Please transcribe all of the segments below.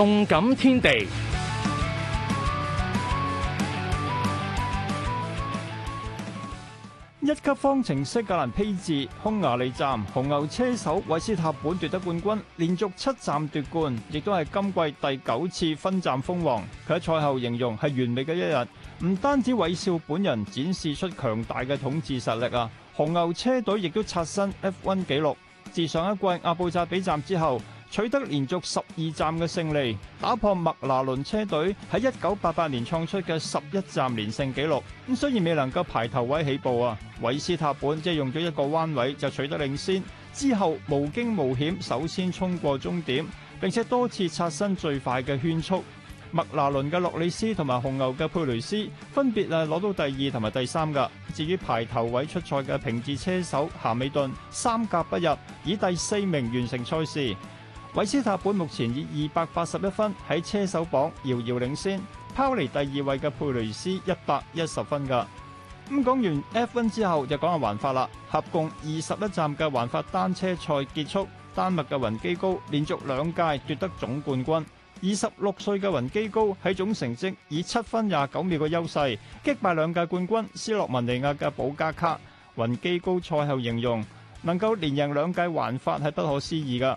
動感天地，一級方程式格蘭披治匈牙利站，紅牛車手韋斯塔本奪得冠軍，連續七站奪冠，亦都係今季第九次分站封王。佢喺賽後形容係完美嘅一日，唔單止韋少本人展示出強大嘅統治實力啊，紅牛車隊亦都刷新 F1 紀錄，自上一季阿布扎比站之後。取得連續十二站嘅勝利，打破麥拿倫車隊喺一九八八年創出嘅十一站連勝紀錄。咁雖然未能夠排頭位起步啊，韋斯塔本即係用咗一個彎位就取得領先，之後無驚無險首先衝過終點，並且多次刷新最快嘅圈速。麥拿倫嘅諾利斯同埋紅牛嘅佩雷斯分別啊攞到第二同埋第三㗎。至於排頭位出賽嘅平治車手咸美頓，三甲不入，以第四名完成賽事。韋斯塔本目前以二百八十一分喺車手榜遙遙領先，拋離第二位嘅佩雷斯一百一十分噶。咁講完 F1 之後，就講下環法啦。合共二十一站嘅環法單車賽結束，丹麥嘅雲基高連續兩屆奪得總冠軍。二十六歲嘅雲基高喺總成績以七分廿九秒嘅優勢擊敗兩屆冠軍斯洛文尼亞嘅保加卡。雲基高賽後形容能夠連贏兩屆環法係不可思議噶。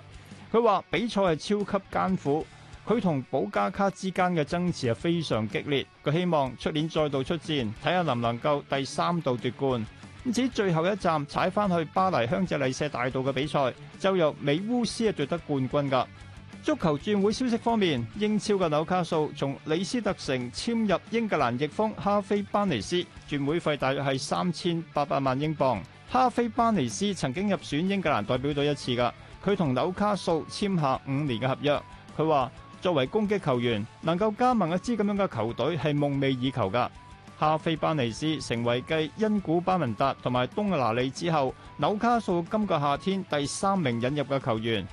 佢話比賽係超級艱苦，佢同保加卡之間嘅爭持係非常激烈。佢希望出年再度出戰，睇下能唔能夠第三度奪冠。至於最後一站踩翻去巴黎香榭里舍大道嘅比賽，就由美烏斯啊奪得冠軍㗎。足球轉會消息方面，英超嘅紐卡素從里斯特城簽入英格蘭翼鋒哈菲班尼斯，轉會費大約係三千八百萬英鎊。哈菲班尼斯曾經入選英格蘭代表隊一次㗎。佢同紐卡素簽下五年嘅合約。佢話作為攻擊球員，能夠加盟一支咁樣嘅球隊係夢寐以求㗎。夏菲班尼斯成為繼因古巴文達同埋東亞拿里之後，紐卡素今個夏天第三名引入嘅球員。